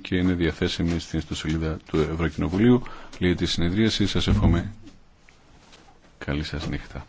και είναι διαθέσιμη στην ιστοσελίδα του Ευρωκοινοβουλίου. Λίγη τη συνεδρίαση. Σας εύχομαι καλή σας νύχτα.